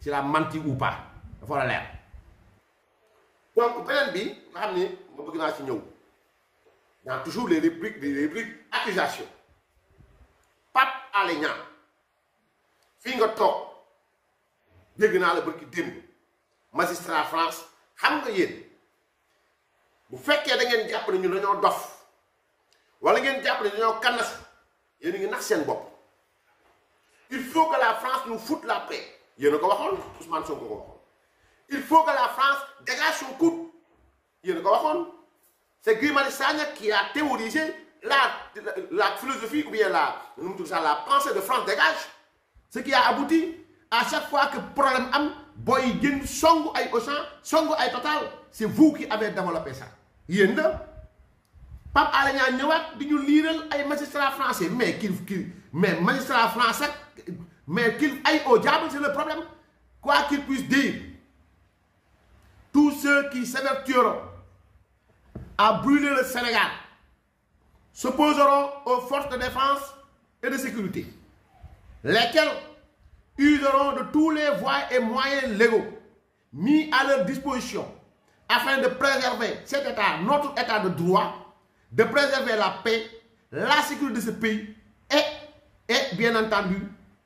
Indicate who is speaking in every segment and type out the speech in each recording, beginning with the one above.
Speaker 1: s'il a menti ou pas Il faut l'air. donc je bi nga ma toujours les répliques, les répliques, accusations. Pape Alé finger top, nga la magistrat France xam nga faites bu da il faut que la France nous foute la paix yéen a Ousmane Sonko ko il faut que la France dégage son coude yéen a c'est Guy Sagna qui a théorisé la la philosophie ou bien la nous la pensée de France dégage ce qui a abouti à chaque fois que problème am boy génn songu ay Auchan songu ay Total c'est vous qui avez développé ça Il y Pape Alé Niang ñëwaat di ñu liiral ay magistrats français mais kii mais magistrat français. Mais qu'il aille au diable, c'est le problème. Quoi qu'il puisse dire, tous ceux qui s'évertueront à brûler le Sénégal s'opposeront aux forces de défense et de sécurité, lesquelles useront de tous les voies et moyens légaux mis à leur disposition afin de préserver cet État, notre État de droit, de préserver la paix, la sécurité de ce pays et, et bien entendu,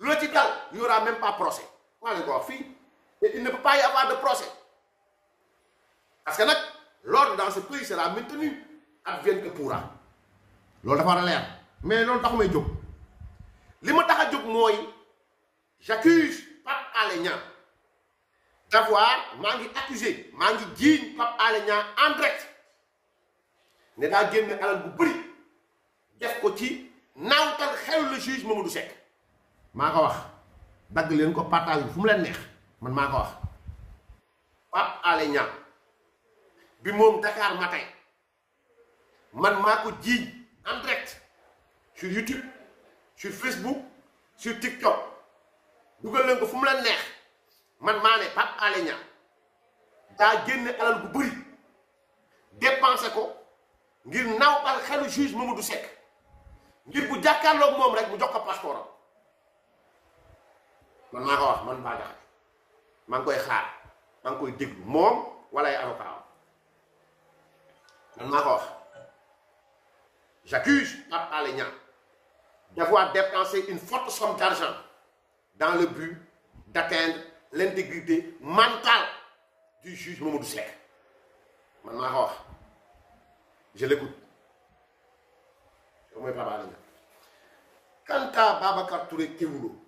Speaker 1: Le la il y aura même pas procès Moi, je ko et il ne peut pas y avoir de procès parce que l'ordre dans ce pays sera maintenu advienne que pourra loolu dafa war a leer mais loolu tax may J'accuse Pape ma d'avoir, a accusé, mooy j'accuse Pape Alé en direct. Il n'y accusé pas de jiiñ Pape Alé Niang en direct ne daa génne alal bu bëri def ko ci naawtal xelu le juge Mamadou Seck maa ko wax dagg leen ko partage bi fu mu leen neex man maa ko wax Pape Alé Niang bi moom Dakar mate man maa ko jiiñ en direct sur YouTube sur Facebook sur TikTok dugal leen ko fu mu leen neex man maa ne Pape Alé Niang daa génne alal bu bëri dépensé ko ngir naw al xelu juge du Seck ngir bu jàkkaarloog moom rek mu jox ko passeport man maa ko wax man Bah Diakhaté maa ngi koy xaar maa ngi koy déglu moom wala ay avocat man maa ko wax j'accuse Pape Alé Niang d'avoir dépensé une forte somme d'argent dans le but d'atteindre l'intégrité mentale du juge Mamadou Seck man maa ko wax je l'écoute mooy Pape Alé Niang quant à Babacar Touré Kewoulo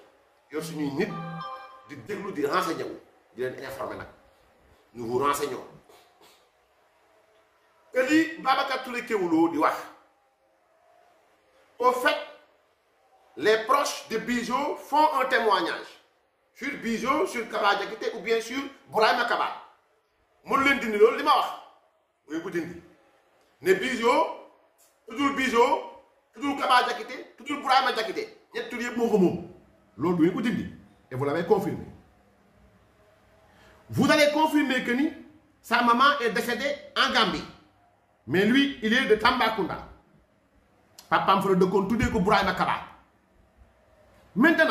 Speaker 1: yor suñuy nit di déglu di renseigné wu di nous vous renseignons que li Babacar Touré Kewoulo di wax au fait les proches de Bijou font un témoignage sur Bijou sur Kaba Diakité ou bien sur Bourahima Kaba mënu leen dindi loolu li ma wax mooy tout le ne Bijou tout Bijou tuddul Kaba Diakité tuddul Bourahima Diakité ñett tur yëpp moo loolu et vous l'avez confirmé vous allez confirmer que sa maman est décédée en Gambie mais lui il est de Tambacounda papa fa de dëkkoon tuddee ko Bourayma Kaba maintenant